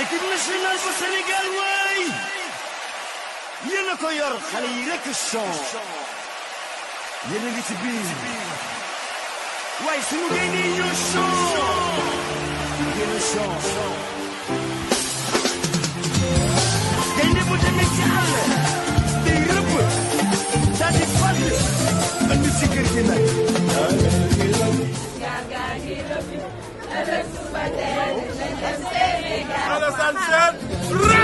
équipe nationale bu Sénégal waay yéen a ko yor xale rekk son yéen a ngi ci biir waaye sunu gaynde yi ñoo son a son gaynde bu demee ci àll day rëbb daal di fàdd andi si kër gi nag yaa ngi lëb yaa ngi lëb ëllëg suba teel nañ dem Alassane Sène